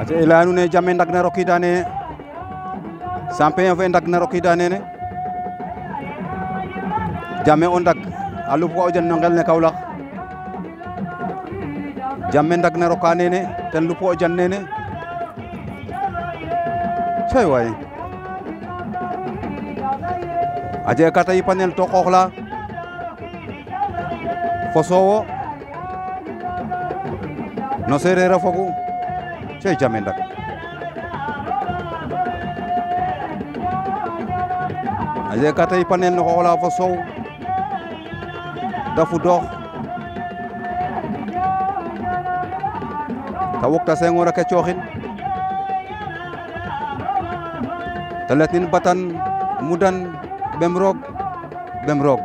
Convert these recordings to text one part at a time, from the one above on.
ate elanu ne jamme roki dane sampe en fe roki dane ne jamme on dag alu ko ojan ngal ne kawla jamme na rokane ne ten lu ko ojan ne ne chay way aje kata yi panel to kokhla fosowo no sere rafoku जय जामेंद्र aje ka tey panel no xoola fo sow dafu dox ta wokta sengora ke coxin te batan mudan bemrog, bemrog. bem roog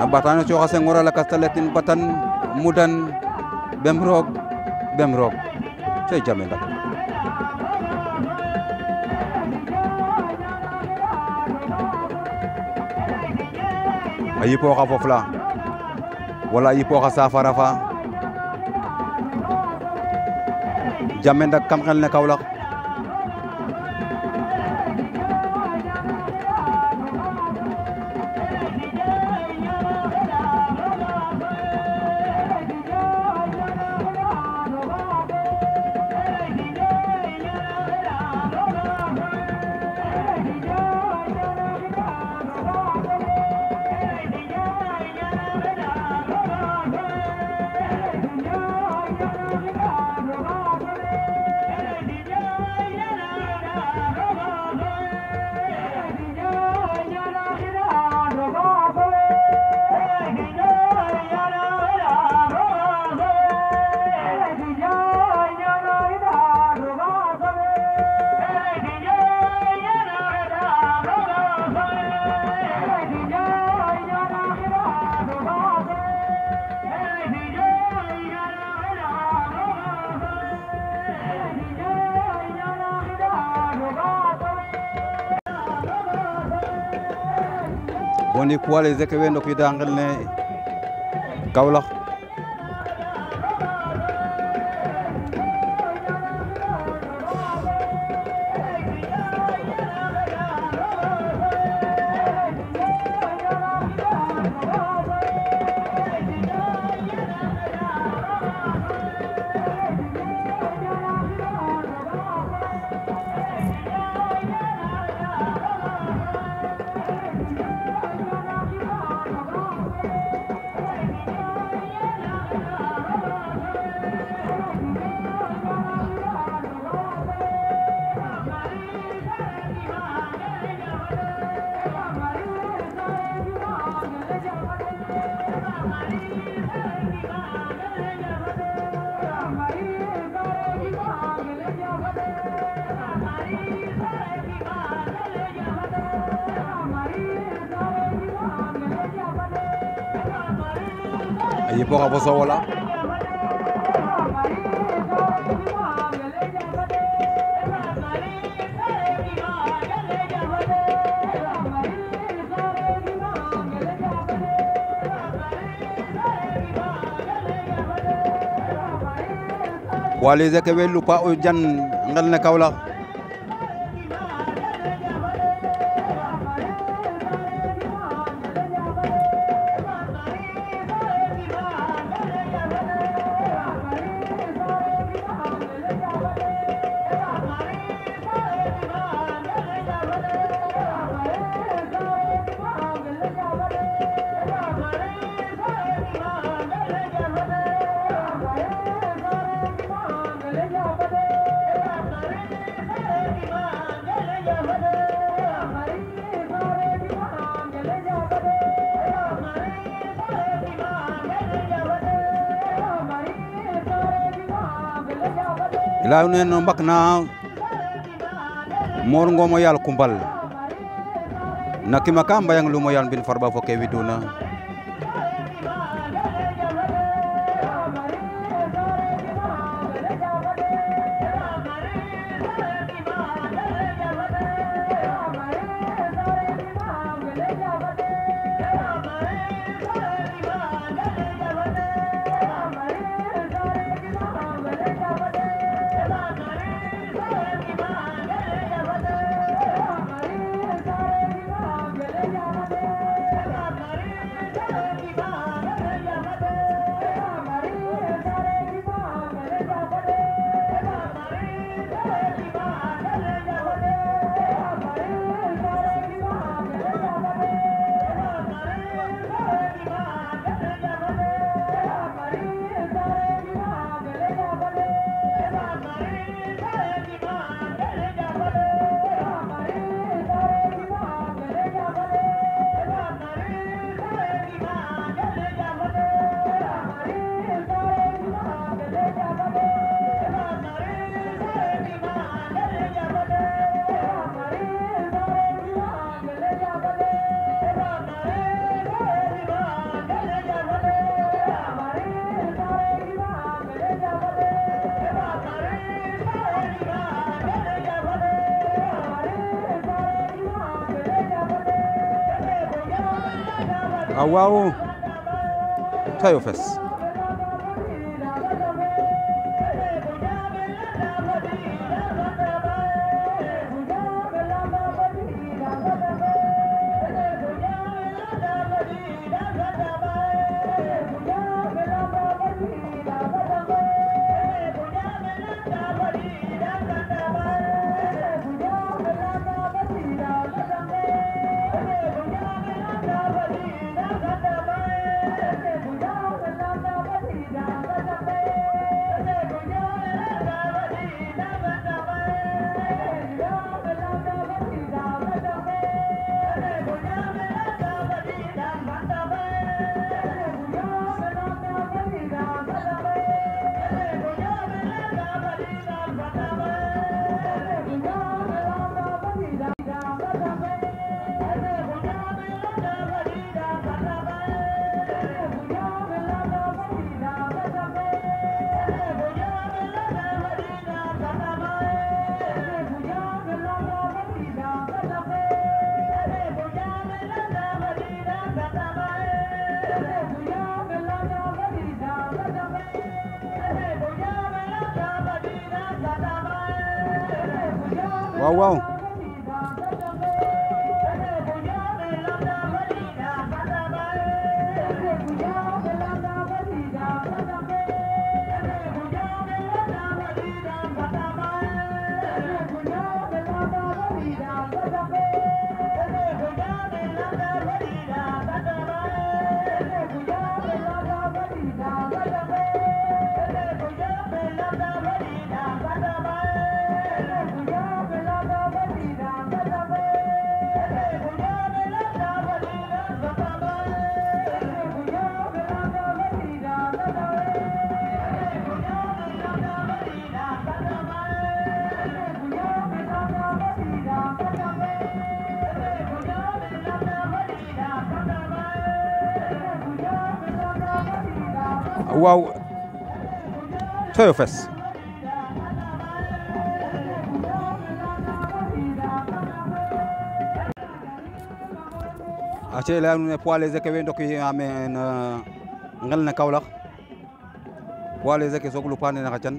a batano coxa sengora lakas te letnin batan mudan bemrog. dem roog cay jame ndak a yipooxa fof la wala a yipooxa safara fa jame ndak kam xel ne Kaolack on y croit les écrivains donc i da ngel ne Kaolack yipoka bosobola waliseke we lupa o euh, jan ngel ne Kaolack ila ne no bakna mor ngomo yal kumbal nakima kamba yang lumo yan bin farba fo kewiduna waaw tayofes Well, well. waaw Toyofes ace leyanuun e poids léger ke way ndoki a me no ngel ne Kaolack poids ke soog lupa nene xa can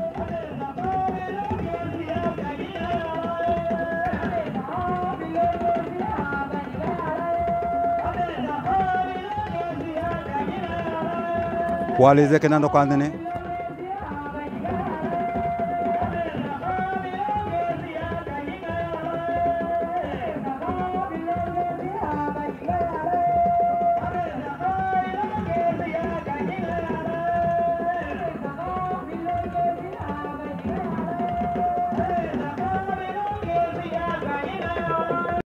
waaley zeke nando ka andona